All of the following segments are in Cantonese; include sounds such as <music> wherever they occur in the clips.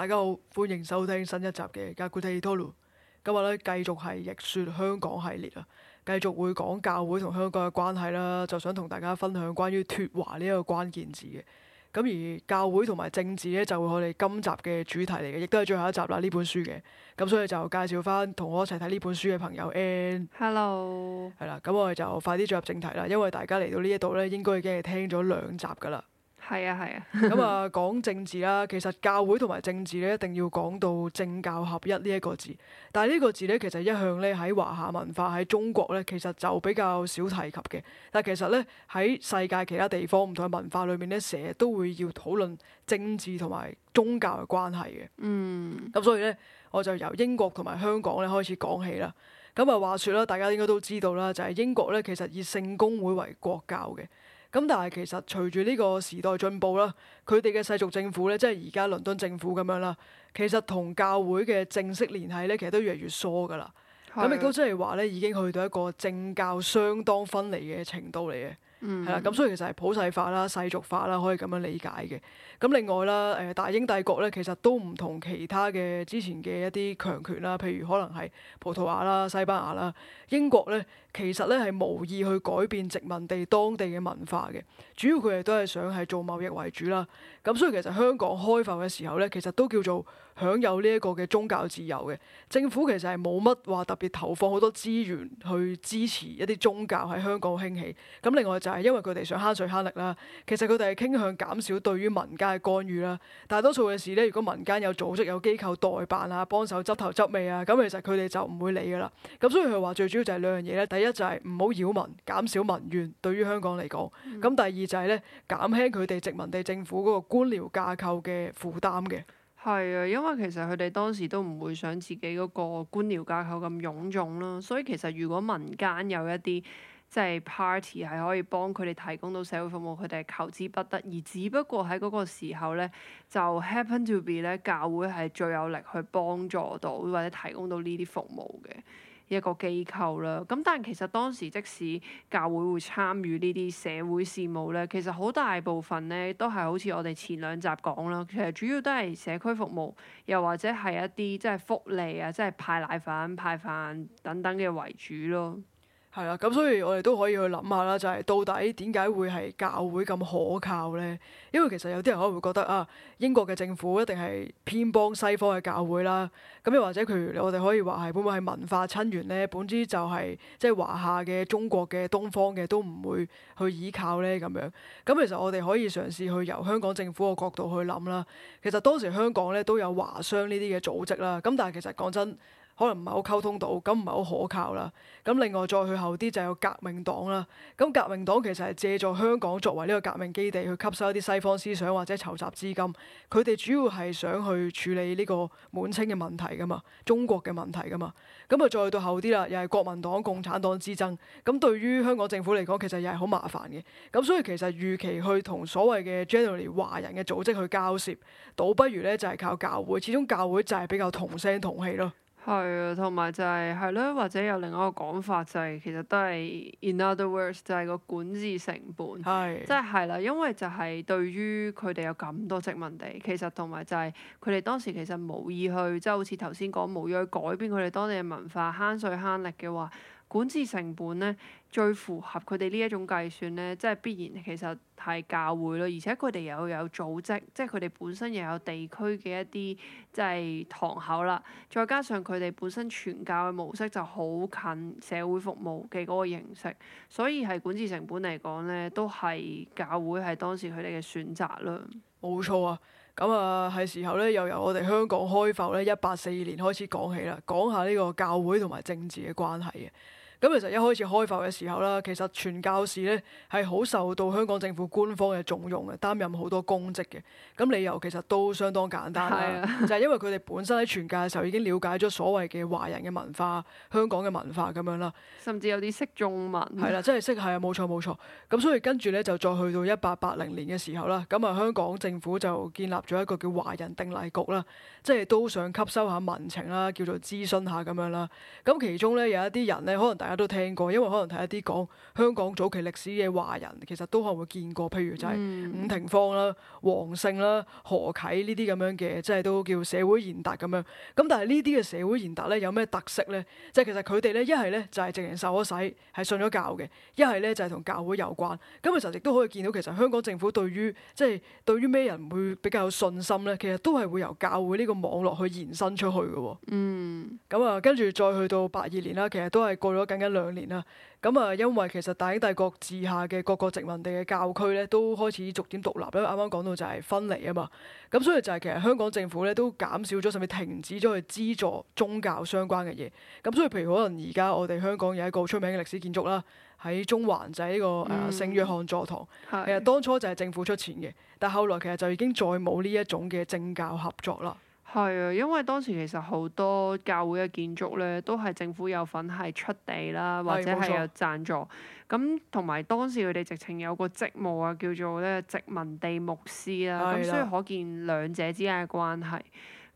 大家好，歡迎收聽新一集嘅《加古提托魯》，今日咧繼續係逆說香港系列啊，繼續會講教會同香港嘅關係啦，就想同大家分享關於脫華呢一個關鍵字嘅，咁而教會同埋政治咧就會係我哋今集嘅主題嚟嘅，亦都係最後一集啦呢本書嘅，咁所以就介紹翻同我一齊睇呢本書嘅朋友 N，Hello，係啦，咁 Hello. 我哋就快啲進入正題啦，因為大家嚟到呢一度咧，應該已經係聽咗兩集噶啦。係啊，係啊。咁啊，講政治啦，其實教會同埋政治咧，一定要講到政教合一呢一個字。但係呢個字咧，其實一向咧喺華夏文化喺中國咧，其實就比較少提及嘅。但係其實咧喺世界其他地方唔同嘅文化裏面咧，成日都會要討論政治同埋宗教嘅關係嘅。嗯。咁所以咧，我就由英國同埋香港咧開始講起啦。咁啊，話說啦，大家應該都知道啦，就係英國咧，其實以聖公會為國教嘅。咁但係其實隨住呢個時代進步啦，佢哋嘅世俗政府咧，即係而家倫敦政府咁樣啦，其實同教會嘅正式聯繫咧，其實都越嚟越疏㗎啦。咁亦都即係話咧，已經去到一個政教相當分離嘅程度嚟嘅。嗯，係啦、mm，咁、hmm. 所以其實係普世化啦、世俗化啦，可以咁樣理解嘅。咁另外啦，誒大英帝國咧，其實都唔同其他嘅之前嘅一啲強權啦，譬如可能係葡萄牙啦、西班牙啦、英國咧，其實咧係無意去改變殖民地當地嘅文化嘅。主要佢哋都係想係做貿易為主啦。咁所以其實香港開埠嘅時候咧，其實都叫做享有呢一個嘅宗教自由嘅。政府其實係冇乜話特別投放好多資源去支持一啲宗教喺香港興起。咁另外就是。因為佢哋想慳水慳力啦。其實佢哋係傾向減少對於民間嘅干預啦。大多數嘅事呢，如果民間有組織有機構代辦啊，幫手執頭執尾啊，咁其實佢哋就唔會理噶啦。咁所以佢話最主要就係兩樣嘢咧。第一就係唔好擾民，減少民怨。對於香港嚟講，咁、嗯、第二就係呢，減輕佢哋殖民地政府嗰個官僚架構嘅負擔嘅。係啊，因為其實佢哋當時都唔會想自己嗰個官僚架構咁臃腫啦。所以其實如果民間有一啲即係 party 係可以幫佢哋提供到社會服務，佢哋係求之不得。而只不過喺嗰個時候咧，就 happen to be 咧，教會係最有力去幫助到或者提供到呢啲服務嘅一個機構啦。咁但係其實當時即使教會會參與呢啲社會事務咧，其實好大部分咧都係好似我哋前兩集講啦，其實主要都係社區服務，又或者係一啲即係福利啊，即係派奶粉、派飯等等嘅為主咯。係啦，咁所以我哋都可以去諗下啦，就係、是、到底點解會係教會咁可靠咧？因為其實有啲人可能會覺得啊，英國嘅政府一定係偏幫西方嘅教會啦。咁又或者譬如我哋可以話係會唔會係文化親緣咧？本質就係即係華夏嘅、中國嘅、東方嘅都唔會去依靠咧咁樣。咁、嗯、其實我哋可以嘗試去由香港政府嘅角度去諗啦。其實當時香港咧都有華商呢啲嘅組織啦。咁但係其實講真。可能唔係好溝通到，咁唔係好可靠啦。咁另外再去後啲就有革命黨啦。咁革命黨其實係借助香港作為呢個革命基地去吸收一啲西方思想或者籌集資金。佢哋主要係想去處理呢個滿清嘅問題噶嘛，中國嘅問題噶嘛。咁啊再到後啲啦，又係國民黨、共產黨之爭。咁對於香港政府嚟講，其實又係好麻煩嘅。咁所以其實預期去同所謂嘅 generally 華人嘅組織去交涉，倒不如咧就係靠教會。始終教會就係比較同聲同氣咯。係啊，同埋就係係咯，或者有另一個講法就係、係、其實都係，in other words 就係個管治成本，即係係啦，因為就係對於佢哋有咁多殖民地，其實同埋就係佢哋當時其實無意去，即、就、係、係、好似頭先講無意去改變佢哋當地嘅文化，慳水慳力嘅話。管治成本咧，最符合佢哋呢一種計算咧，即係必然其實係教會咯，而且佢哋又有組織，即係佢哋本身又有地區嘅一啲即係堂口啦，再加上佢哋本身傳教嘅模式就好近社會服務嘅嗰個形式，所以係管治成本嚟講咧，都係教會係當時佢哋嘅選擇咯。冇錯啊，咁啊係時候咧，又由我哋香港開埠咧一八四二年開始講起啦，講下呢個教會同埋政治嘅關係。啊。咁其實一開始開埠嘅時候啦，其實傳教士咧係好受到香港政府官方嘅重用嘅，擔任好多公職嘅。咁理由其實都相當簡單啦， <laughs> 就係因為佢哋本身喺傳教嘅時候已經了解咗所謂嘅華人嘅文化、香港嘅文化咁樣啦。甚至有啲識中文。係啦， <laughs> 真係識，係啊，冇錯冇錯。咁所以跟住咧就再去到一八八零年嘅時候啦，咁啊香港政府就建立咗一個叫華人定例局啦，即係都想吸收下民情啦，叫做諮詢下咁樣啦。咁其中咧有一啲人咧可能大大家都聽過，因為可能睇一啲講香港早期歷史嘅華人，其實都可能會見過，譬如就係伍廷芳啦、黃勝啦、何啟呢啲咁樣嘅，即係都叫社會賢達咁樣。咁但係呢啲嘅社會賢達咧，有咩特色咧？即、就、係、是、其實佢哋咧一係咧就係直情受咗洗，係信咗教嘅；一係咧就係、是、同教會有關。咁其實亦都可以見到，其實香港政府對於即係對於咩人會比較有信心咧，其實都係會由教會呢個網絡去延伸出去嘅喎、哦。嗯。咁啊，跟住再去到八二年啦，其實都係過咗緊一兩年啦，咁啊，因為其實大英帝國治下嘅各個殖民地嘅教區咧，都開始逐漸獨立，因為啱啱講到就係分離啊嘛，咁所以就係其實香港政府咧都減少咗，甚至停止咗去資助宗教相關嘅嘢。咁所以譬如可能而家我哋香港有一個出名嘅歷史建築啦，喺中環就係呢個誒聖、嗯啊、約翰座堂。其實當初就係政府出錢嘅，但後來其實就已經再冇呢一種嘅政教合作啦。係啊，因為當時其實好多教會嘅建築咧，都係政府有份係出地啦，或者係有贊助。咁同埋當時佢哋直情有個職務啊，叫做咧殖民地牧師啦。咁所以可見兩者之間嘅關係。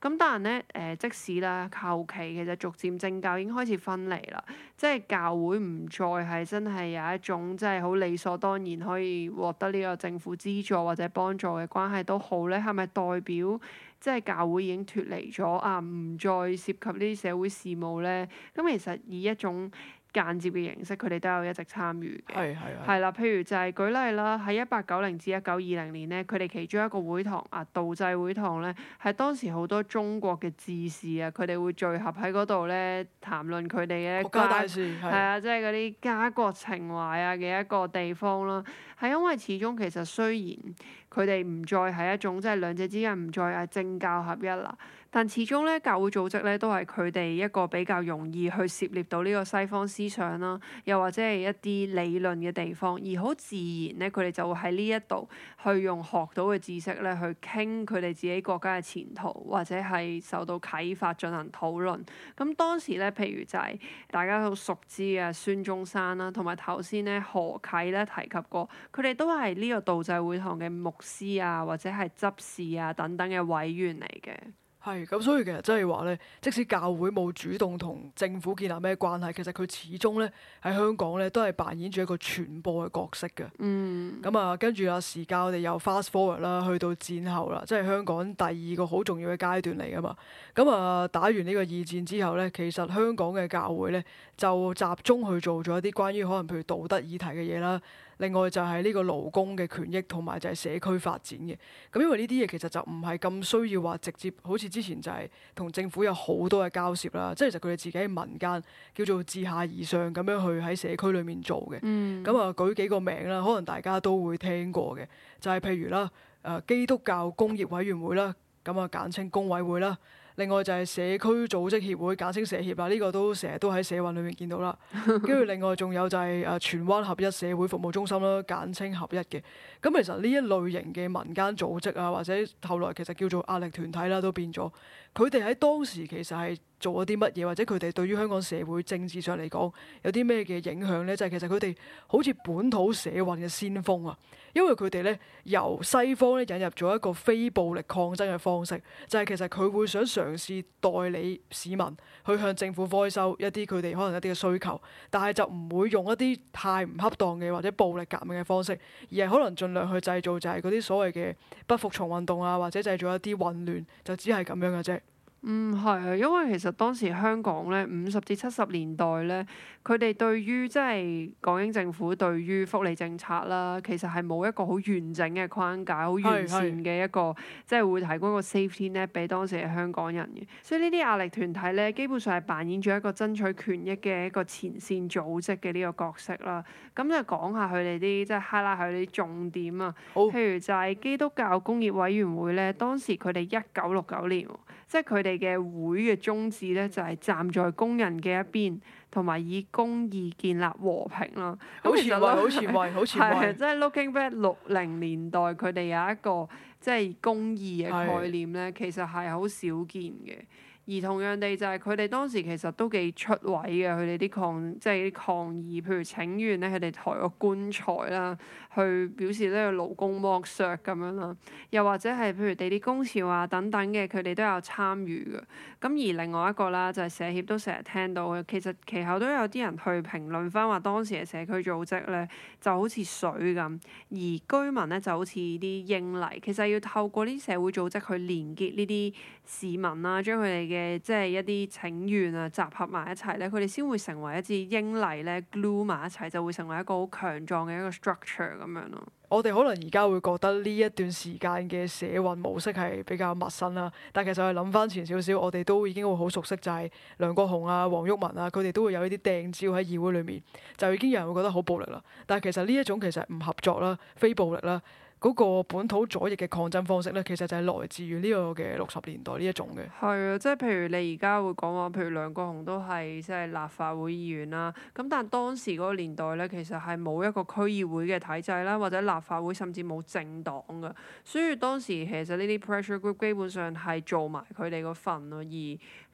咁但係咧，誒、呃、即使啦，後期其實逐漸政教已經開始分離啦，即係教會唔再係真係有一種即係好理所當然可以獲得呢個政府資助或者幫助嘅關係都好咧，係咪代表？即係教會已經脫離咗啊，唔再涉及呢啲社會事務咧。咁、嗯、其實以一種間接嘅形式，佢哋都有一直參與嘅。係係啦，譬如就係、是、舉例啦，喺一八九零至一九二零年咧，佢哋其中一個會堂啊，道濟會堂咧，係當時好多中國嘅志士啊，佢哋會聚合喺嗰度咧，談論佢哋嘅國家大事，係啊，即係嗰啲家國情懷啊嘅一個地方啦。係因為始終其實雖然。佢哋唔再係一種即係兩者之間唔再係政教合一啦，但始終咧教會組織咧都係佢哋一個比較容易去涉獵到呢個西方思想啦，又或者係一啲理論嘅地方，而好自然咧佢哋就會喺呢一度去用學到嘅知識咧去傾佢哋自己國家嘅前途，或者係受到啟發進行討論。咁當時咧，譬如就係、是、大家好熟知嘅孫中山啦，同埋頭先咧何啟咧提及過，佢哋都係呢個道濟會堂嘅牧司啊，或者係執事啊，等等嘅委員嚟嘅。係咁，所以其實即係話咧，即使教會冇主動同政府建立咩關係，其實佢始終咧喺香港咧都係扮演住一個傳播嘅角色嘅。嗯，咁啊，跟住啊，時間我哋又 fast forward 啦，去到戰後啦，即係香港第二個好重要嘅階段嚟㗎嘛。咁啊，打完呢個二戰之後咧，其實香港嘅教會咧就集中去做咗一啲關於可能譬如道德議題嘅嘢啦。另外就係呢個勞工嘅權益，同埋就係社區發展嘅。咁因為呢啲嘢其實就唔係咁需要話直接，好似之前就係同政府有好多嘅交涉啦。即係其實佢哋自己喺民間叫做自下而上咁樣去喺社區裏面做嘅。咁啊、嗯，舉幾個名啦，可能大家都會聽過嘅，就係、是、譬如啦，誒基督教工業委員會啦，咁啊簡稱工委會啦。另外就係社區組織協會，簡稱社協啊，呢個都成日都喺社運裏面見到啦。跟住 <laughs> 另外仲有就係誒荃灣合一社會服務中心啦，簡稱合一嘅。咁其實呢一類型嘅民間組織啊，或者後來其實叫做壓力團體啦，都變咗。佢哋喺當時其實係做咗啲乜嘢，或者佢哋對於香港社會政治上嚟講有啲咩嘅影響咧？就係其實佢哋好似本土社運嘅先鋒啊，因為佢哋咧由西方咧引入咗一個非暴力抗爭嘅方式，就係其實佢會想嘗試代理市民去向政府開收一啲佢哋可能一啲嘅需求，但係就唔會用一啲太唔恰當嘅或者暴力革命嘅方式，而係可能盡量去製造就係嗰啲所謂嘅不服從運動啊，或者製造一啲混亂，就只係咁樣嘅啫。嗯，係啊，因為其實當時香港咧，五十至七十年代咧，佢哋對於即係港英政府對於福利政策啦，其實係冇一個好完整嘅框架，好完善嘅一個的即係會提供一個 safety net 俾當時嘅香港人嘅。所以呢啲壓力團體咧，基本上係扮演咗一個爭取權益嘅一個前線組織嘅呢個角色啦。咁就講下佢哋啲即係 highlight 啲重點啊，好譬如就係基督教工業委員會咧，當時佢哋一九六九年，即係佢哋嘅會嘅宗旨咧，就係站在工人嘅一邊，同埋以公義建立和平啦。好前衛，好前衛，好前衛。係，即係 looking back 六零年代，佢哋有一個即係公義嘅概念咧，其實係好少見嘅。係嘅。而同樣地就係佢哋當時其實都幾出位嘅，佢哋啲抗即係啲抗議，譬如請願咧，佢哋抬個棺材啦。去表示呢個勞工剝削咁樣啦，又或者係譬如地鐵工潮啊等等嘅，佢哋都有參與嘅。咁而另外一個啦，就係社協都成日聽到嘅。其實其後都有啲人去評論翻話當時嘅社區組織咧，就好似水咁，而居民咧就好似啲英泥。其實要透過啲社會組織去連結呢啲市民啦，將佢哋嘅即係一啲請願啊，集合埋一齊咧，佢哋先會成為一支英泥咧 glue 埋一齊，就會成為一個好強壯嘅一個 structure。咁樣咯，我哋可能而家會覺得呢一段時間嘅社運模式係比較陌生啦，但其實我哋諗翻前少少，我哋都已經會好熟悉，就係梁國雄啊、黃毓民啊，佢哋都會有呢啲掟蕉喺議會裏面，就已經有人會覺得好暴力啦。但其實呢一種其實唔合作啦，非暴力啦。嗰個本土左翼嘅抗爭方式咧，其實就係來自於呢個嘅六十年代呢一種嘅。係啊，即係譬如你而家會講話，譬如梁國雄都係即係立法會議員啦。咁但當時嗰個年代咧，其實係冇一個區議會嘅體制啦，或者立法會甚至冇政黨㗎。所以當時其實呢啲 pressure group 基本上係做埋佢哋個份咯，而。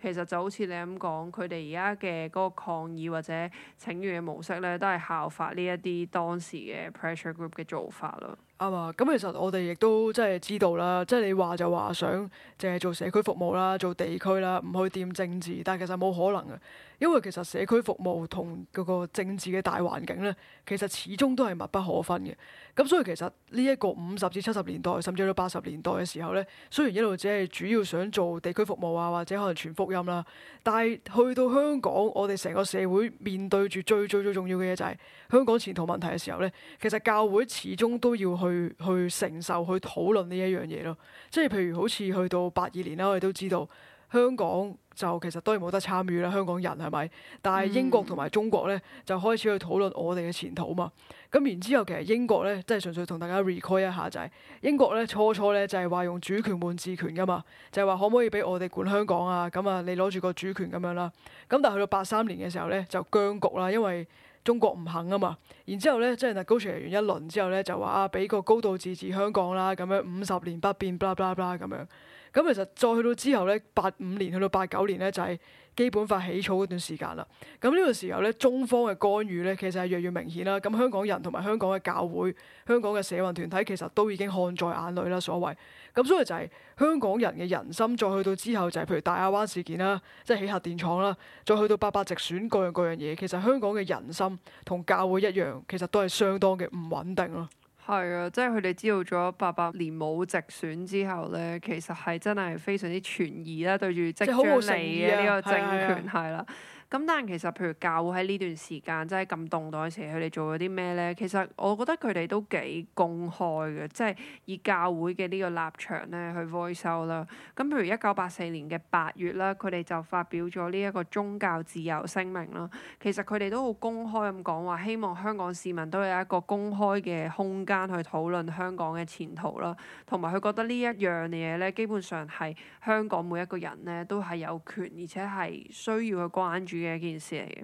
其實就好似你咁講，佢哋而家嘅嗰個抗議或者請願嘅模式咧，都係效法呢一啲當時嘅 pressure group 嘅做法咯。啱啊、嗯，咁、嗯嗯、其實我哋亦都即係知道啦，即係你話就話想淨係做社區服務啦，做地區啦，唔去掂政治，但其實冇可能嘅。因為其實社區服務同嗰個政治嘅大環境咧，其實始終都係密不可分嘅。咁所以其實呢一個五十至七十年代，甚至到八十年代嘅時候咧，雖然一路只係主要想做地區服務啊，或者可能傳福音啦、啊，但係去到香港，我哋成個社會面對住最最最重要嘅嘢就係香港前途問題嘅時候咧，其實教會始終都要去去承受、去討論呢一樣嘢咯。即係譬如好似去到八二年啦，我哋都知道香港。就其實當然冇得參與啦，香港人係咪？但係英國同埋中國咧就開始去討論我哋嘅前途嘛。咁然之後其實英國咧，即係純粹同大家 recall 一下、就是初初，就係英國咧初初咧就係話用主權換治權噶嘛，就係、是、話可唔可以俾我哋管香港啊？咁啊，你攞住個主權咁樣啦。咁但係去到八三年嘅時候咧就僵局啦，因為中國唔肯啊嘛。然後呢、就是、之後咧即係 negotiate 完一輪之後咧就話啊俾個高度自治香港啦，咁樣五十年不變，blah blah blah 咁樣。咁其實再去到之後咧，八五年去到八九年咧，就係基本法起草嗰段時間啦。咁呢個時候咧，中方嘅干預咧，其實係越嚟越明顯啦。咁香港人同埋香港嘅教會、香港嘅社運團體，其實都已經看在眼裏啦。所謂咁，所以就係香港人嘅人心，再去到之後就係譬如大亞灣事件啦，即係起核電廠啦，再去到八八直選各樣各樣嘢，其實香港嘅人心同教會一樣，其實都係相當嘅唔穩定啦。係啊，即係佢哋知道咗八百年冇直選之後咧，其實係真係非常之存疑啦，對住即將嚟嘅呢個政權係啦。咁但係其實譬如教會喺呢段時間即係咁動盪嘅時期，佢哋做咗啲咩咧？其實我覺得佢哋都幾公開嘅，即係以教會嘅呢個立場咧去 voice out 啦。咁譬如一九八四年嘅八月啦，佢哋就發表咗呢一個宗教自由聲明啦。其實佢哋都好公開咁講話，希望香港市民都有一個公開嘅空間去討論香港嘅前途啦。同埋佢覺得呢一樣嘢咧，基本上係香港每一個人咧都係有權，而且係需要去關注嘅一件事嚟嘅，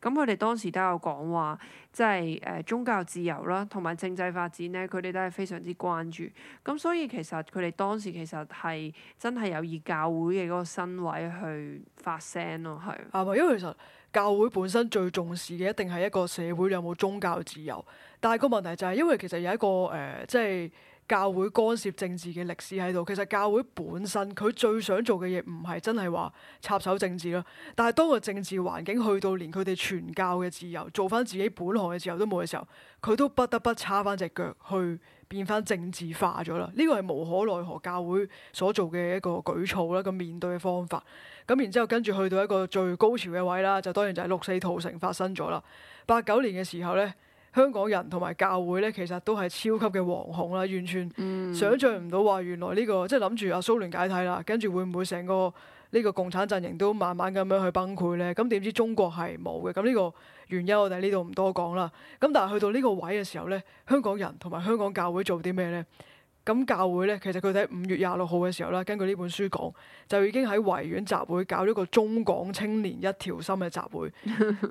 咁佢哋當時都有講話，即係誒宗教自由啦，同埋政制發展咧，佢哋都係非常之關注。咁所以其實，佢哋當時其實，係真係有以教會嘅嗰個身位去發聲咯，係啊，因為其實教會本身最重視嘅一定係一個社會有冇宗教自由，但係個問題就係，因為其實有一個誒，即係，呃，即係教會干涉政治嘅歷史喺度，其實教會本身佢最想做嘅嘢唔係真係話插手政治啦，但係當個政治環境去到連佢哋傳教嘅自由、做翻自己本行嘅自由都冇嘅時候，佢都不得不插翻隻腳去變翻政治化咗啦。呢個係無可奈何教會所做嘅一個舉措啦，咁面對嘅方法。咁然之後跟住去到一個最高潮嘅位啦，就當然就係六四屠城發生咗啦。八九年嘅時候咧。香港人同埋教會咧，其實都係超級嘅惶恐啦，完全想像唔到話原來呢個即係諗住阿蘇聯解體啦，跟住會唔會成個呢個共產陣營都慢慢咁樣去崩潰咧？咁點知中國係冇嘅，咁呢個原因我哋呢度唔多講啦。咁但係去到呢個位嘅時候咧，香港人同埋香港教會做啲咩咧？咁教會咧，其實佢哋喺五月廿六號嘅時候啦，根據呢本書講，就已經喺維園集會搞咗個中港青年一條心嘅集會，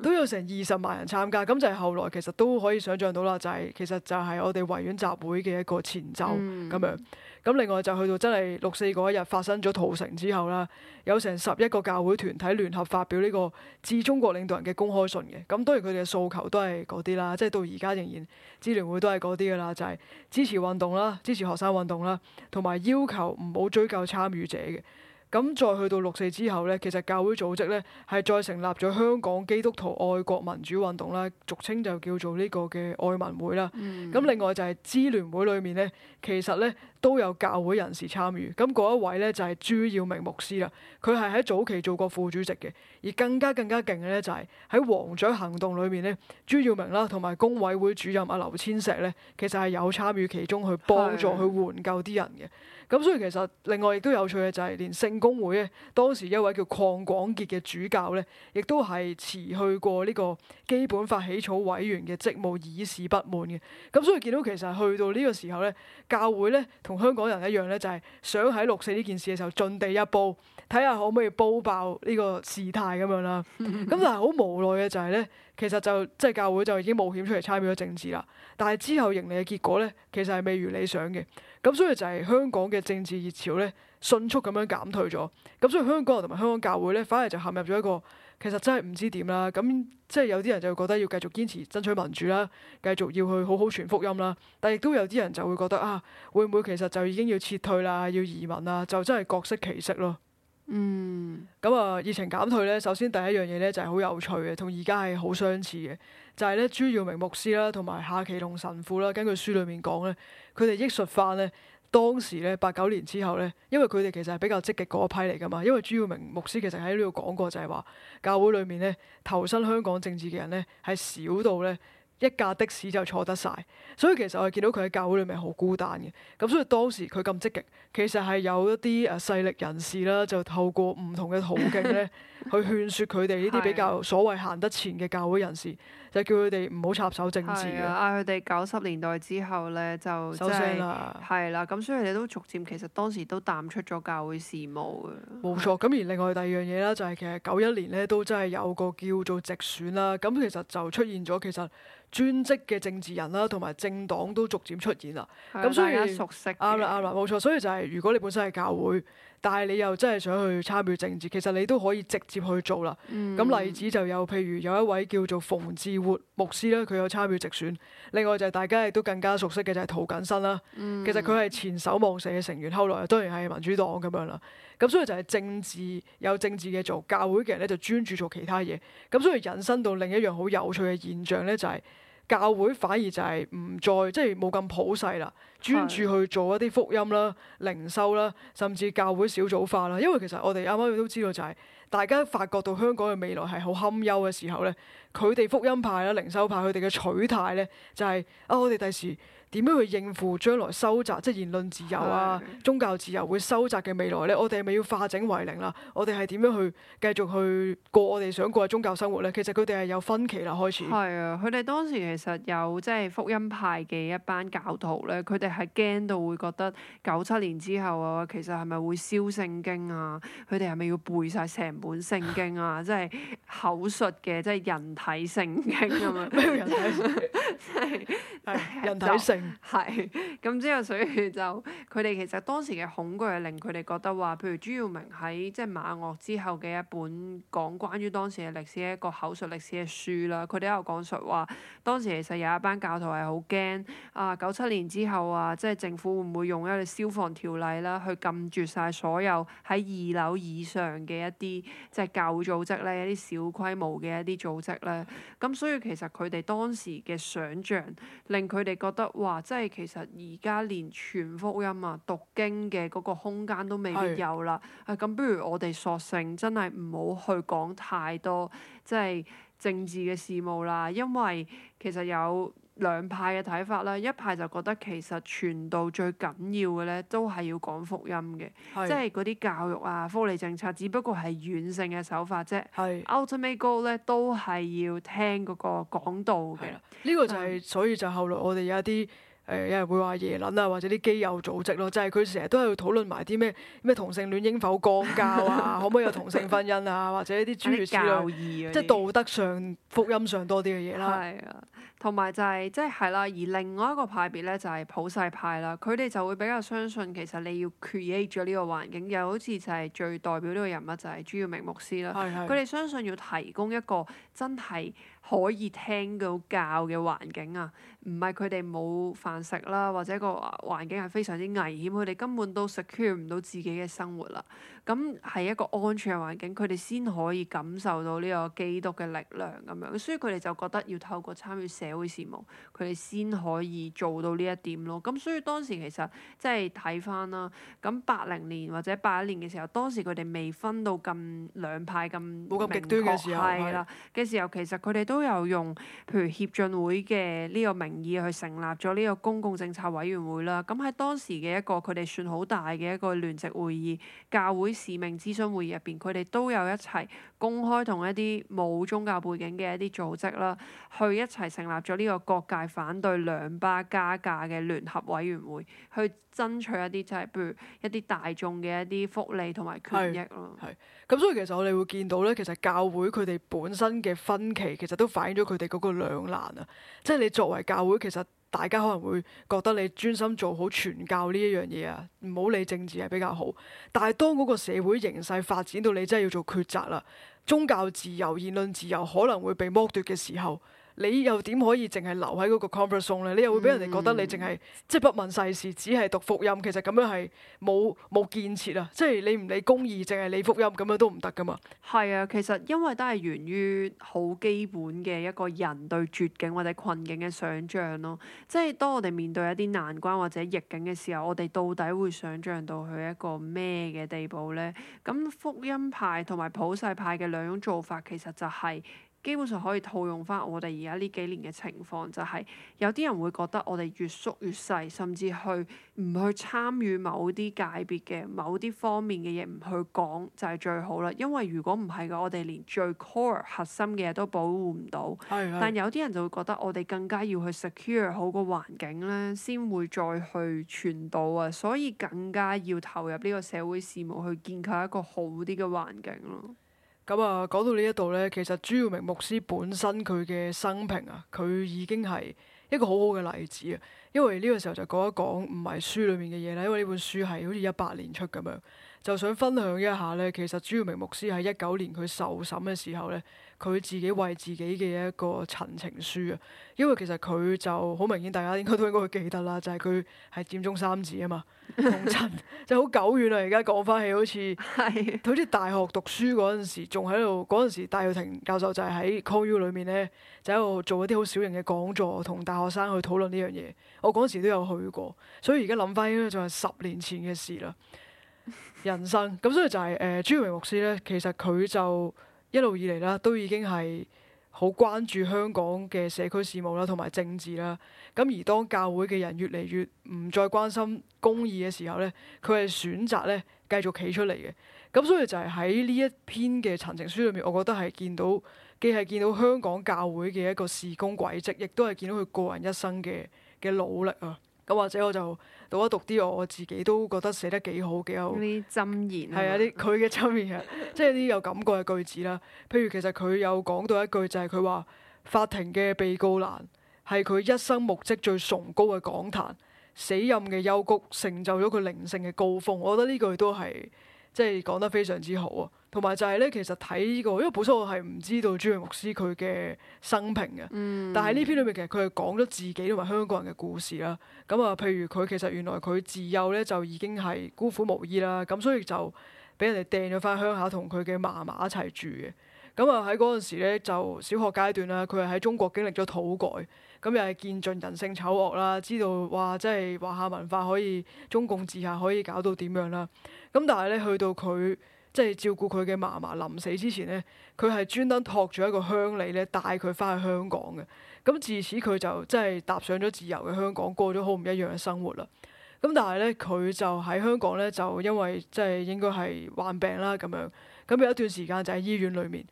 都有成二十萬人參加。咁就係後來其實都可以想像到啦，就係，就係其實就係我哋維園集會嘅一個前奏咁、嗯、樣。咁另外就去、是、到真係六四嗰一日發生咗屠城之後啦，有成十一個教會團體聯合發表呢個致中國領導人嘅公開信嘅。咁當然佢哋嘅訴求都係嗰啲啦，即係到而家仍然支聯會都係嗰啲噶啦，就係、是、支持運動啦，支持學生運動啦，同埋要求唔好追究參與者嘅。咁再去到六四之後咧，其實教會組織咧係再成立咗香港基督徒愛國民主運動啦，俗稱就叫做呢個嘅愛民會啦。咁、嗯、另外就係支聯會裏面咧，其實咧都有教會人士參與。咁嗰一位咧就係朱耀明牧師啦，佢係喺早期做過副主席嘅。而更加更加勁嘅咧就係喺黃雀行動裏面咧，朱耀明啦同埋工委會主任阿劉千石咧，其實係有參與其中去幫助是去援救啲人嘅。咁所以其實另外亦都有趣嘅就係連聖公會咧，當時一位叫鄺廣傑嘅主教咧，亦都係辭去過呢個基本法起草委員嘅職務以示不滿嘅。咁所以見到其實去到呢個時候咧，教會咧同香港人一樣咧，就係想喺六四呢件事嘅時候進地一步。睇下可唔可以煲爆呢個事態咁樣啦。咁 <laughs> 但係好無奈嘅就係咧，其實就即係教會就已經冒險出嚟參與咗政治啦。但係之後盈利嘅結果咧，其實係未如理想嘅。咁所以就係香港嘅政治熱潮咧，迅速咁樣減退咗。咁所以香港人同埋香港教會咧，反而就陷入咗一個其實真係唔知點啦。咁即係有啲人就覺得要繼續堅持爭取民主啦，繼續要去好好傳福音啦。但係亦都有啲人就會覺得啊，會唔會其實就已經要撤退啦，要移民啦，就真係各適其適咯。嗯，咁啊，疫情減退咧，首先第一樣嘢咧就係好有趣嘅，同而家係好相似嘅，就係咧朱耀明牧師啦，同埋夏其龍神父啦，根據書裡面講咧，佢哋憶述翻咧當時咧八九年之後咧，因為佢哋其實係比較積極嗰一批嚟噶嘛，因為朱耀明牧師其實喺呢度講過就係話，教會裡面咧投身香港政治嘅人咧係少到咧。一架的士就坐得晒，所以其實我見到佢喺教會裏面好孤單嘅，咁所以當時佢咁積極，其實係有一啲誒勢力人士啦，就透過唔同嘅途徑咧，去勸說佢哋呢啲比較所謂行得前嘅教會人士，就叫佢哋唔好插手政治啊。佢哋九十年代之後咧就收聲啦，係啦，咁所以佢哋都逐漸其實當時都淡出咗教會事務嘅。冇錯，咁而另外第二樣嘢啦，就係其實九一年咧都真係有個叫做直選啦，咁其實就出現咗其實。專職嘅政治人啦，同埋政黨都逐漸出現啦。咁、嗯、所以啱啦，啱啦，冇錯，錯。所以就係如果你本身係教會，但係你又真係想去參與政治，其實你都可以直接去做啦。咁、嗯、例子就有譬如有一位叫做馮志活牧師啦，佢有參與直選。另外就係大家亦都更加熟悉嘅就係涂謹申啦。其實佢係前守望社嘅成員，後來當然係民主黨咁樣啦。咁所以就係政治有政治嘅做，教會嘅人咧就專注做其他嘢。咁所以引申到另一樣好有趣嘅現象咧、就是，就係。教會反而就係唔再即係冇咁普世啦，專注去做一啲福音啦、靈修啦，甚至教會小組化啦。因為其實我哋啱啱都知道就係、是、大家發覺到香港嘅未來係好堪憂嘅時候咧，佢哋福音派啦、靈修派佢哋嘅取態咧就係、是、啊、哦，我哋第時。點樣去應付將來收窄，即係言論自由啊、宗教自由會收窄嘅未來咧？我哋係咪要化整為零啦？我哋係點樣去繼續去過我哋想過嘅宗教生活咧？其實佢哋係有分歧啦，開始。係啊，佢哋當時其實有即係福音派嘅一班教徒咧，佢哋係驚到會覺得九七年之後啊，其實係咪會燒聖經啊？佢哋係咪要背晒成本聖經啊？即係口述嘅，即係人體聖經咁樣。咩叫人體？即係係人體聖。係，咁之 <music> <music> 後所以就佢哋其實當時嘅恐懼係令佢哋覺得話，譬如朱耀明喺即係馬岳之後嘅一本講關於當時嘅歷史嘅一個口述歷史嘅書啦，佢哋都有講述話當時其實有一班教徒係好驚啊，九七年之後啊，即係政府會唔會用一啲消防條例啦去禁絕晒所有喺二樓以上嘅一啲即係教會組織咧，一啲小規模嘅一啲組織咧，咁所以其實佢哋當時嘅想像令佢哋覺得話。啊，即係其實而家連傳福音啊、讀經嘅嗰個空間都未必有啦。是的 啊，咁不如我哋索性真係唔好去講太多即係政治嘅事務啦，因為其實有。兩派嘅睇法啦，一派就覺得其實傳道最緊要嘅咧，都係要講福音嘅，的即係嗰啲教育啊、福利政策，只不過係軟性嘅手法啫。的 Ultimate goal 咧，都係要聽嗰個講道嘅。呢、這個就係、是嗯、所以就後來我哋有一啲。誒，有人會話耶倫啊，或者啲基友組織咯，就係佢成日都喺度討論埋啲咩咩同性戀應否降教啊？可唔可以有同性婚姻啊？ <laughs> 或者一啲主要教義啊，即道德上、福音上多啲嘅嘢啦。係啊， <laughs> 同埋就係即係啦，而另外一個派別咧就係、是、普世派啦，佢哋就會比較相信其實你要 create 咗呢個環境，又好似就係最代表呢個人物就係、是、朱耀明牧師啦。佢哋的的相信要提供一個真係可以聽到教嘅環境啊。唔係佢哋冇飯食啦，或者個環境係非常之危險，佢哋根本都 secure 唔到自己嘅生活啦。咁係一個安全嘅環境，佢哋先可以感受到呢個基督嘅力量咁樣，所以佢哋就覺得要透過參與社會事務，佢哋先可以做到呢一點咯。咁所以當時其實即係睇翻啦，咁八零年或者八一年嘅時候，當時佢哋未分到咁兩派咁冇咁極端嘅時候係啦嘅時候，其實佢哋都有用，譬如協進會嘅呢個名。意去成立咗呢個公共政策委員會啦。咁喺當時嘅一個佢哋算好大嘅一個聯席會議，教會使命諮詢會議入邊，佢哋都有一齊公開同一啲冇宗教背景嘅一啲組織啦，去一齊成立咗呢個各界反對兩巴加價嘅聯合委員會去爭取一啲就係、是、譬如一啲大眾嘅一啲福利同埋權益咯。係咁所以其實我哋會見到咧，其實教會佢哋本身嘅分歧，其實都反映咗佢哋嗰個兩難啊。即係你作為教會其實大家可能會覺得你專心做好傳教呢一樣嘢啊，唔好理政治係比較好。但係當個社會形勢發展到你真係要做抉擇啦，宗教自由、言論自由可能會被剝奪嘅時候。你又點可以淨係留喺嗰個 comfort zone 咧？你又會俾人哋覺得你淨係、嗯、即係不問世事，只係讀福音。其實咁樣係冇冇建設啊！即係你唔理公義，淨係理福音，咁樣都唔得噶嘛。係啊，其實因為都係源於好基本嘅一個人對絕境或者困境嘅想像咯。即係當我哋面對一啲難關或者逆境嘅時候，我哋到底會想像到去一個咩嘅地步咧？咁福音派同埋普世派嘅兩種做法，其實就係、是。基本上可以套用翻我哋而家呢幾年嘅情況，就係、是、有啲人會覺得我哋越縮越細，甚至去唔去參與某啲界別嘅某啲方面嘅嘢唔去講就係、是、最好啦。因為如果唔係嘅，我哋連最 core 核心嘅嘢都保護唔到。是是但，有啲人就會覺得我哋更加要去 secure 好個環境咧，先會再去傳道啊。所以更加要投入呢個社會事務去建構一個好啲嘅環境咯。咁啊，講到呢一度咧，其實朱耀明牧師本身佢嘅生平啊，佢已經係一個好好嘅例子啊，因為呢個時候就講一講唔係書裏面嘅嘢啦，因為呢本書係好似一八年出咁樣。就想分享一下咧，其實朱耀明牧師喺一九年佢受審嘅時候咧，佢自己為自己嘅一個陳情書啊。因為其實佢就好明顯，大家應該都應該會記得啦，就係佢係佔中三子啊嘛，共親，就好 <laughs> 久遠啦。而家講翻起好似 <laughs> 好似大學讀書嗰陣時，仲喺度嗰陣時，時戴耀廷教授就係喺 CU 裏面咧，就喺度做一啲好小型嘅講座，同大學生去討論呢樣嘢。我嗰陣時都有去過，所以而家諗翻起咧，應該就係十年前嘅事啦。人生咁所以就係、是、誒、呃、朱榮牧師朱耀明牧師咧，其實佢就一路以嚟啦，都已經係好關注香港嘅社區事務啦，同埋政治啦。咁而當教會嘅人越嚟越唔再關心公義嘅時候咧，佢係選擇咧繼續企出嚟嘅。咁所以就係喺呢一篇嘅陳情書裏面，我覺得係見到既係見到香港教會嘅一個事工軌跡，亦都係見到佢個人一生嘅嘅努力啊！咁或者我就讀一讀啲我自己都覺得寫得幾好幾有啲箴言、啊、言，係啊啲佢嘅箴言係即係啲有感覺嘅句子啦。譬如其實佢有講到一句就係佢話法庭嘅被告欄係佢一生目的最崇高嘅講壇，死蔭嘅幽谷成就咗佢靈性嘅高峰。我覺得呢句都係即係講得非常之好啊！同埋就係咧，其實睇呢個，因為本身我係唔知道朱瑞牧師佢嘅生平嘅，嗯、但係呢篇裏面其實佢係講咗自己同埋香港人嘅故事啦。咁啊，譬如佢其實原來佢自幼咧就已經係孤苦無依啦，咁所以就俾人哋掟咗翻鄉下，同佢嘅嫲嫲一齊住嘅。咁啊喺嗰陣時咧就小學階段啦，佢係喺中國經歷咗土改，咁又係見盡人性醜惡啦，知道話即係華夏文化可以，中共治下可以搞到點樣啦。咁但係咧去到佢。即係照顧佢嘅嫲嫲臨死之前咧，佢係專登託住一個鄉里咧帶佢翻去香港嘅。咁自此佢就即係踏上咗自由嘅香港，過咗好唔一樣嘅生活啦。咁但係咧，佢就喺香港咧就因為即係應該係患病啦咁樣。咁有一段時間就喺醫院裏面。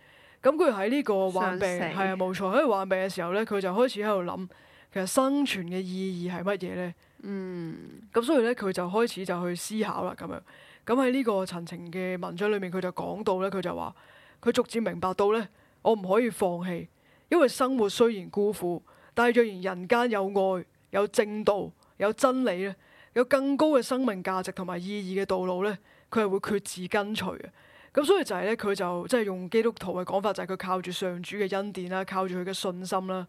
咁佢喺呢個患病，係啊冇錯喺患病嘅時候咧，佢就開始喺度諗其實生存嘅意義係乜嘢咧。嗯。咁所以咧，佢就開始就去思考啦咁樣。咁喺呢個陳情嘅文章裏面，佢就講到咧，佢就話佢逐漸明白到咧，我唔可以放棄，因為生活雖然辜負，但係若然人間有愛、有正道、有真理咧，有更高嘅生命價值同埋意義嘅道路咧，佢係會決志跟隨嘅！咁所以就係、是、咧，佢就即係、就是、用基督徒嘅講法，就係、是、佢靠住上主嘅恩典啦，靠住佢嘅信心啦，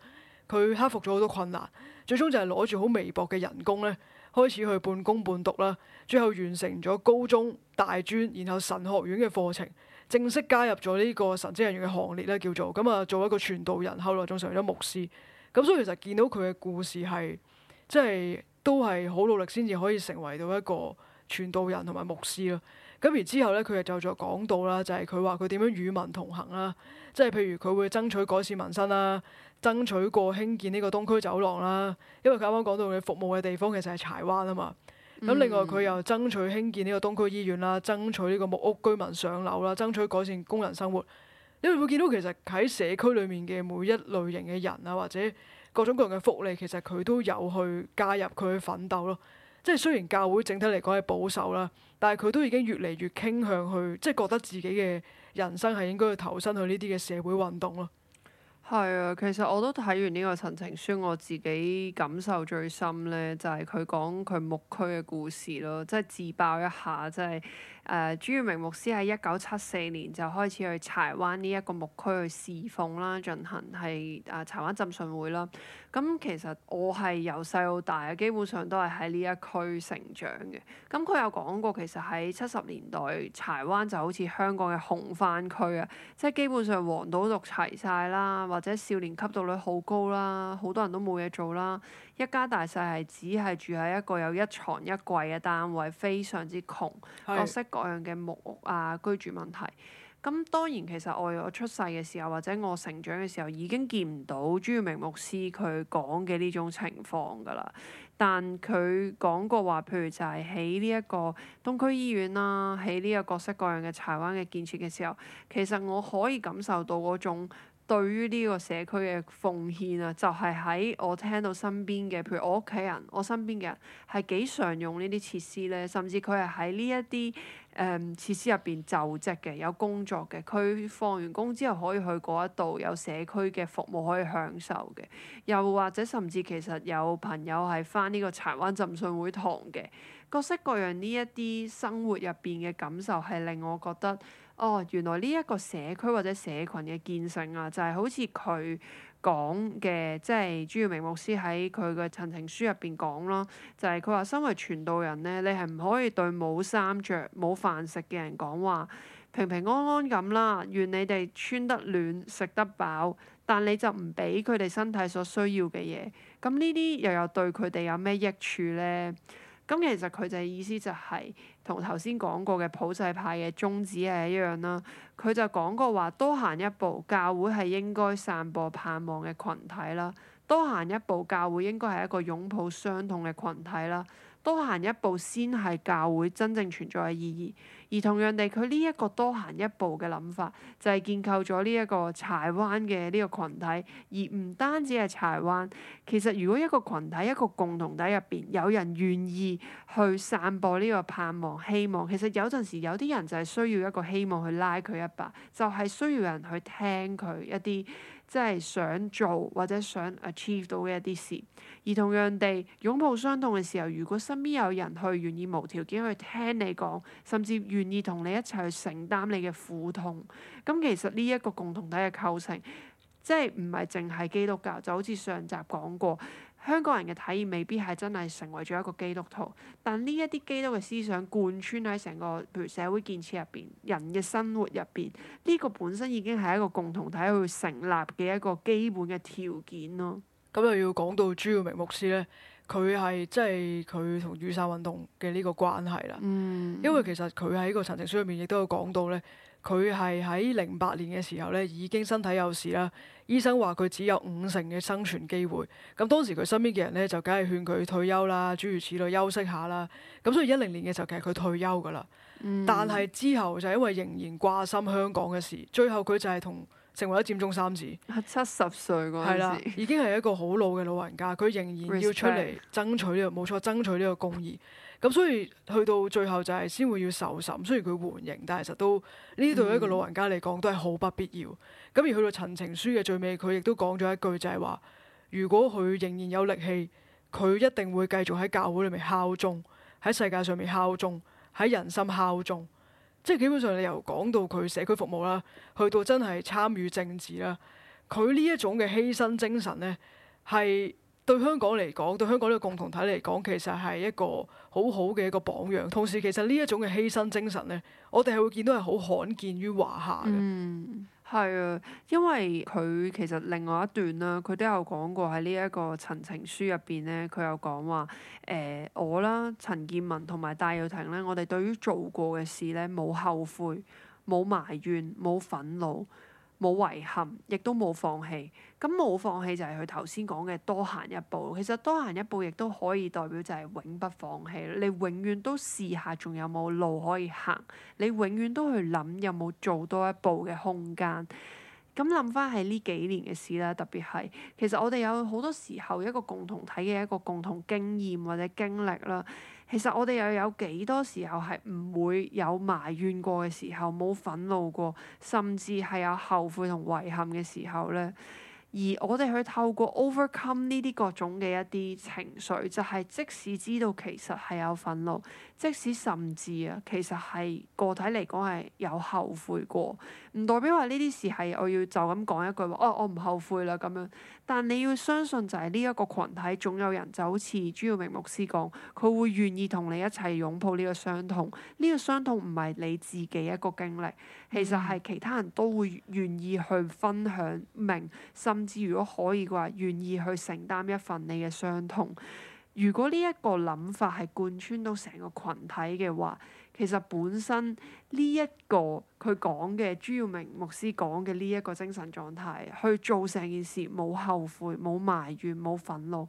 佢克服咗好多困難，最終就係攞住好微薄嘅人工咧。開始去半工半讀啦，最後完成咗高中、大專，然後神學院嘅課程，正式加入咗呢個神職人員嘅行列啦，叫做咁啊，做一個傳道人後，後來仲成為咗牧師。咁所以其實見到佢嘅故事係，即係都係好努力先至可以成為到一個傳道人同埋牧師咯。咁而之後咧，佢又就再講到啦，就係佢話佢點樣與民同行啦，即係譬如佢會爭取改善民生啦，爭取過興建呢個東區走廊啦，因為啱啱講到佢服務嘅地方其實係柴灣啊嘛。咁另外佢又爭取興建呢個東區醫院啦，爭取呢個木屋居民上樓啦，爭取改善工人生活。你會見到其實喺社區裡面嘅每一類型嘅人啊，或者各種各樣嘅福利，其實佢都有去加入佢去奮鬥咯。即係雖然教會整體嚟講係保守啦，但係佢都已經越嚟越傾向去，即係覺得自己嘅人生係應該去投身去呢啲嘅社會運動咯。係啊，其實我都睇完呢個陳情書，我自己感受最深咧，就係佢講佢牧區嘅故事咯，即係自爆一下，即係。誒、呃、朱耀明牧師喺一九七四年就開始去柴灣呢一個牧區去侍奉啦，進行係啊、呃、柴灣浸信會啦。咁、嗯、其實我係由細到大基本上都係喺呢一區成長嘅。咁、嗯、佢有講過，其實喺七十年代柴灣就好似香港嘅紅番區啊，即基本上黃賭毒齊晒啦，或者少年吸毒率好高啦，好多人都冇嘢做啦。一家大細係只係住喺一個有一床一櫃嘅單位，非常之窮，的各式各樣嘅木屋啊，居住問題。咁當然其實我，我出世嘅時候或者我成長嘅時候已經見唔到朱耀明牧師佢講嘅呢種情況㗎啦。但佢講過話，譬如就係喺呢一個東區醫院啦、啊，喺呢個各式各樣嘅柴灣嘅建設嘅時候，其實我可以感受到嗰種。對於呢個社區嘅奉獻啊，就係喺我聽到身邊嘅，譬如我屋企人、我身邊嘅人係幾常用呢啲設施咧，甚至佢係喺呢一啲誒設施入邊就職嘅，有工作嘅，佢放完工之後可以去嗰一度有社區嘅服務可以享受嘅，又或者甚至其實有朋友係返呢個柴灣浸信會堂嘅，各式各樣呢一啲生活入邊嘅感受係令我覺得。哦，原來呢一個社區或者社群嘅建成啊，就係好似佢講嘅，即係朱耀明牧師喺佢嘅陳情書入邊講咯，就係佢話身為傳道人咧，你係唔可以對冇衫著、冇飯食嘅人講話平平安安咁啦，願你哋穿得暖食得飽，但你就唔俾佢哋身體所需要嘅嘢，咁呢啲又有對佢哋有咩益處咧？咁其實佢就意思就係同頭先講過嘅普世派嘅宗旨係一樣啦。佢就講過話：多行一步，教會係應該散播盼望嘅群體啦；多行一步，教會應該係一個擁抱傷痛嘅群體啦；多行一步，先係教會真正存在嘅意義。而同樣地，佢呢一個多行一步嘅諗法，就係建構咗呢一個柴灣嘅呢個群體。而唔單止係柴灣，其實如果一個群體、一個共同體入邊，有人願意去散播呢個盼望、希望，其實有陣時有啲人就係需要一個希望去拉佢一把，就係需要人去聽佢一啲。即係想做或者想 achieve 到嘅一啲事，而同樣地擁抱傷痛嘅時候，如果身邊有人去願意無條件去聽你講，甚至願意同你一齊去承擔你嘅苦痛，咁其實呢一個共同體嘅構成，即係唔係淨係基督教，就好似上集講過。香港人嘅體驗未必係真係成為咗一個基督徒，但呢一啲基督嘅思想貫穿喺成個譬如社會建設入邊、人嘅生活入邊，呢、這個本身已經係一個共同體去成立嘅一個基本嘅條件咯。咁、嗯嗯、又要講到朱耀明牧師咧，佢係即係佢同雨傘運動嘅呢個關係啦。因為其實佢喺個陳情書入面亦都有講到咧。佢係喺零八年嘅時候咧，已經身體有事啦。醫生話佢只有五成嘅生存機會。咁當時佢身邊嘅人咧，就梗係勸佢退休啦，諸如此類，休息下啦。咁所以一零年嘅時候，其實佢退休噶啦。嗯、但係之後就因為仍然掛心香港嘅事，最後佢就係同成為咗佔中三子。七十歲嗰陣時，已經係一個好老嘅老人家，佢仍然要出嚟爭取呢個，冇錯，爭取呢個公義。咁所以去到最後就係先會要受審，雖然佢緩刑，但係實都呢度一個老人家嚟講都係好不必要。咁而去到陳情書嘅最尾，佢亦都講咗一句就係話：如果佢仍然有力氣，佢一定會繼續喺教會裏面敲鐘，喺世界上面敲鐘，喺人心敲鐘。即係基本上你由講到佢社區服務啦，去到真係參與政治啦，佢呢一種嘅犧牲精神呢，係。對香港嚟講，對香港呢個共同體嚟講，其實係一個好好嘅一個榜樣。同時，其實呢一種嘅犧牲精神咧，我哋係會見到係好罕見於華夏嘅。嗯，係啊，因為佢其實另外一段啦，佢都有講過喺呢一個陳情書入邊咧，佢有講話誒我啦，陳健民同埋戴耀廷咧，我哋對於做過嘅事咧，冇後悔，冇埋怨，冇憤怒。冇遺憾，亦都冇放棄。咁冇放棄就係佢頭先講嘅多行一步。其實多行一步亦都可以代表就係永不放棄。你永遠都試下仲有冇路可以行，你永遠都去諗有冇做多一步嘅空間。咁諗翻起呢幾年嘅事啦，特別係其實我哋有好多時候一個共同體嘅一個共同經驗或者經歷啦。其實我哋又有幾多時候係唔會有埋怨過嘅時候，冇憤怒過，甚至係有後悔同遺憾嘅時候咧？而我哋去透過 overcome 呢啲各種嘅一啲情緒，就係、是、即使知道其實係有憤怒，即使甚至啊其實係個體嚟講係有後悔過，唔代表話呢啲事係我要就咁講一句話，哦我唔後悔啦咁樣。但你要相信就係呢一個群體總有人就好似朱耀明牧師講，佢會願意同你一齊擁抱呢個傷痛。呢、這個傷痛唔係你自己一個經歷，其實係其他人都會願意去分享明，甚。之如果可以嘅話，願意去承擔一份你嘅傷痛。如果呢一個諗法係貫穿到成個群體嘅話，其實本身呢、這、一個佢講嘅朱耀明牧師講嘅呢一個精神狀態，去做成件事，冇後悔、冇埋怨、冇憤怒、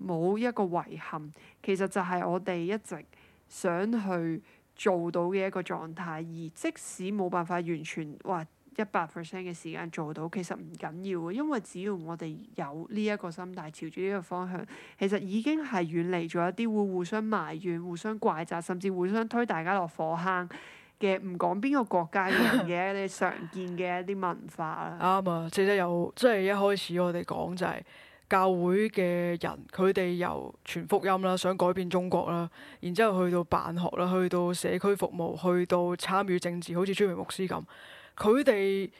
冇一個遺憾，其實就係我哋一直想去做到嘅一個狀態。而即使冇辦法完全或一百 percent 嘅時間做到其實唔緊要嘅，因為只要我哋有呢一個心態，朝住呢個方向，其實已經係遠離咗一啲會互相埋怨、互相怪責，甚至互相推大家落火坑嘅。唔講邊個國家嘅嘢，你 <laughs> 常見嘅一啲文化啊，啱啊。即係有，即係一開始我哋講就係教會嘅人，佢哋由傳福音啦，想改變中國啦，然之後去到辦學啦，去到社區服務，去到參與政治，好似朱明牧師咁。佢哋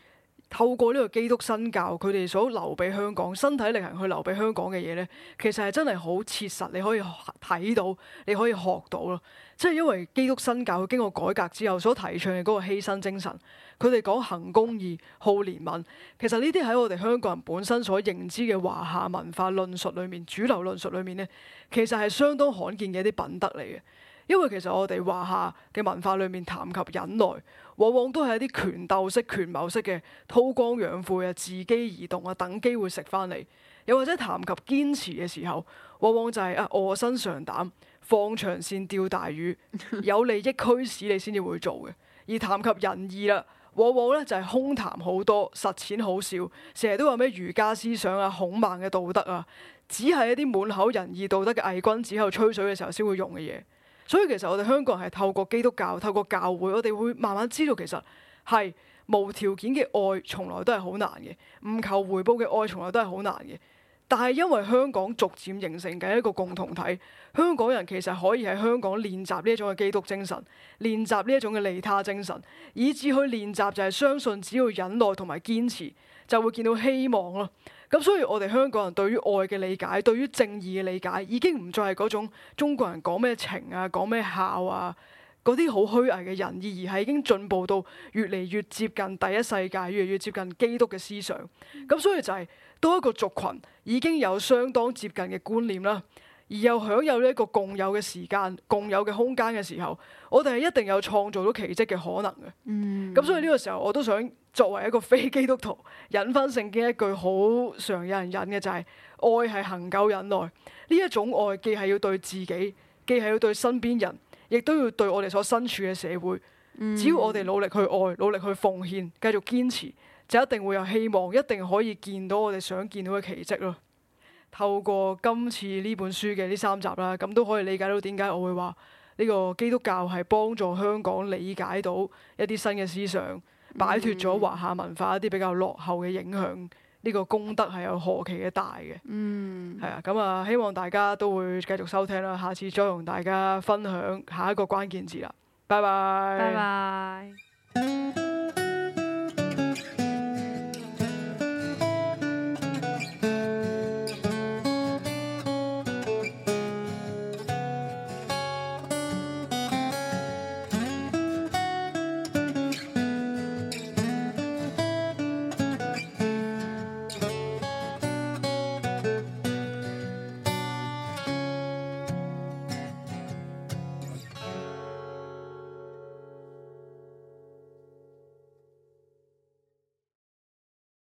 透過呢個基督新教，佢哋所留俾香港、身體力行去留俾香港嘅嘢呢，其實係真係好切實，你可以睇到，你可以學到咯。即係因為基督新教佢經過改革之後所提倡嘅嗰個犧牲精神，佢哋講行公義、好憐憫，其實呢啲喺我哋香港人本身所認知嘅華夏文化論述裏面、主流論述裏面呢，其實係相當罕見嘅一啲品德嚟嘅。因為其實我哋華夏嘅文化裏面談及忍耐，往往都係一啲權鬥式、權謀式嘅韜光養晦啊、伺機而動啊、等機會食翻嚟；又或者談及堅持嘅時候，往往就係啊臥薪嘗膽、放長線釣大魚，有利益驅使你先至會做嘅。而談及仁義啦，往往咧就係空談好多、實踐好少，成日都話咩儒家思想啊、孔孟嘅道德啊，只係一啲滿口仁義道德嘅偽君子喺吹水嘅時候先會用嘅嘢。所以其實我哋香港人係透過基督教、透過教會，我哋會慢慢知道其實係無條件嘅愛從來都係好難嘅，唔求回報嘅愛從來都係好難嘅。但係因為香港逐漸形成緊一個共同體，香港人其實可以喺香港練習呢一種嘅基督精神，練習呢一種嘅利他精神，以至去練習就係相信只要忍耐同埋堅持。就會見到希望咯。咁所以，我哋香港人對於愛嘅理解，對於正義嘅理解，已經唔再係嗰種中國人講咩情啊，講咩孝啊嗰啲好虛偽嘅仁義，而係已經進步到越嚟越接近第一世界，越嚟越接近基督嘅思想。咁所以就係當一個族群已經有相當接近嘅觀念啦，而又享有呢一個共有嘅時間、共有嘅空間嘅時候，我哋係一定有創造到奇蹟嘅可能嘅。咁、嗯、所以呢個時候，我都想，作為一個非基督徒，引返聖經一句好常有人引嘅就係、是、愛係恒久忍耐。呢一種愛既係要對自己，既係要對身邊人，亦都要對我哋所身處嘅社會。只要我哋努力去愛，努力去奉獻，繼續堅持，就一定會有希望，一定可以見到我哋想見到嘅奇蹟咯。透過今次呢本書嘅呢三集啦，咁都可以理解到點解我會話呢個基督教係幫助香港理解到一啲新嘅思想。擺脱咗華夏文化一啲比較落後嘅影響，呢個功德係有何其嘅大嘅。嗯，係啊，咁啊，希望大家都會繼續收聽啦。下次再同大家分享下一個關鍵字啦。拜拜。拜拜。